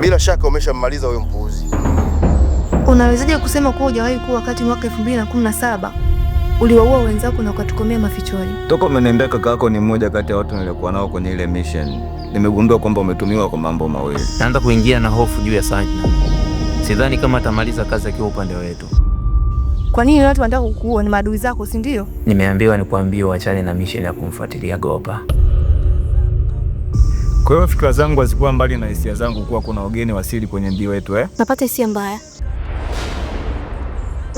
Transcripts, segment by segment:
Bila shaka umeshammaliza huyo mpuuzi. Unawezaje kusema kuwa hujawahi kuwa wakati mwaka na saba uliwaua wenzako na ukatukomea mafichoni? Toka umeniambia kaka yako ni mmoja kati ya watu niliokuwa nao kwenye ile mission, nimegundua kwamba umetumiwa kwa mambo mawili. Naanza kuingia na hofu juu ya Sanjna. Sidhani kama atamaliza kazi akiwa upande wetu. Kwa nini watu wanataka kukuua? Ni maadui zako, si ndio? Nimeambiwa nikuambie uachane na mission ya kumfuatilia Gopa. Kwa hiyo fikra zangu hazikuwa mbali na hisia zangu kuwa kuna wageni wasili kwenye ndio wetu eh? Napata hisia mbaya.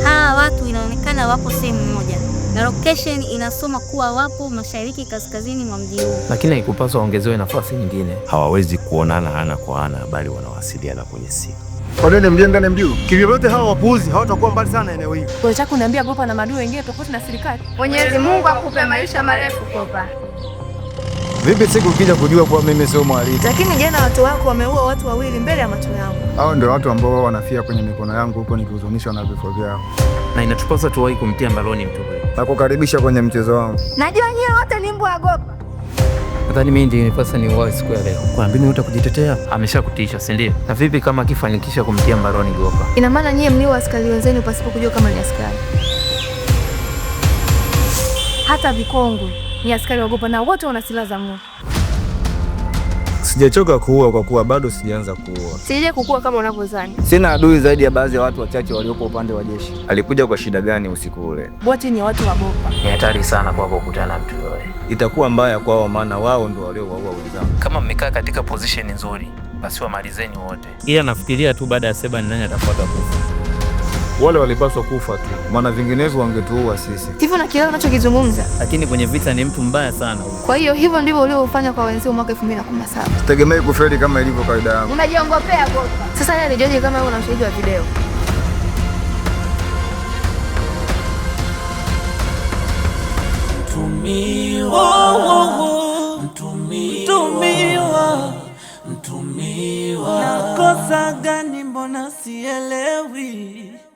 Hawa watu inaonekana wapo sehemu moja na location inasoma kuwa wapo mashariki kaskazini mwa mji huu, lakini haikupaswa ongezewe nafasi nyingine. Hawawezi kuonana ana kwa ana, bali wanawasiliana kwenye simu. Kwa nini mjenga ni mjuu? Kivyote hawa wapuuzi hawatakuwa mbali sana eneo hili. Kwa hiyo Gopa na madui wengine tofauti na serikali. Mwenyezi Mungu akupe maisha marefu Gopa. Vipi siku kija kujua kuwa mimi sio mwalimu? Lakini jana watu wako wameua watu wawili mbele ya macho yangu. Hao ndio watu ambao wao wanafia kwenye mikono yangu huko nikihuzunishwa na vifo vyao, na inatupasa tuwahi kumtia mbaloni mtu na kukaribisha kwenye mchezo wangu. Najua nyie wote ni mbwa agopa. Nadhani mimi ndiye nipasa ni uwawe siku ya leo. Kwa nini utakujitetea? Ameshakutisha, si ndio? Na vipi kama akifanikisha kumtia mbaroni Gopa? Ina maana nyie mliwa askari wenzenu pasipo kujua kama ni askari. Hata vikongwe ni askari wagopa na wote wana silaha za moto. Sijachoka kuua kwa kuwa bado sijaanza kuua. Sija kukua kama unavyozani. Sina adui zaidi ya baadhi ya watu wachache waliopo upande wa jeshi. Alikuja kwa shida gani usiku ule? Wote ni watu wagopa. Ni hatari sana kwako kukutana mtu yoye. Itakuwa mbaya kwao, maana wao ndio waliowaua wenzangu. Kama mmekaa katika position nzuri, basi wamalizeni wote, ila nafikiria tu baada ya Seba ni nani atafuata kufa. Wale walipaswa kufa tu, maana vinginevyo wangetuua sisi. Hivyo na kile unachokizungumza, lakini kwenye vita ni mtu mbaya sana. Kwa hiyo hivyo ndivyo ulivyofanya kwa wenzio mwaka 2017. Sitegemei kufeli kama ilivyo kawaida yangu. Unajiongopea kwa sasa. Yeye alijoje kama una ushahidi wa video? Nakosa gani? Mbona sielewi?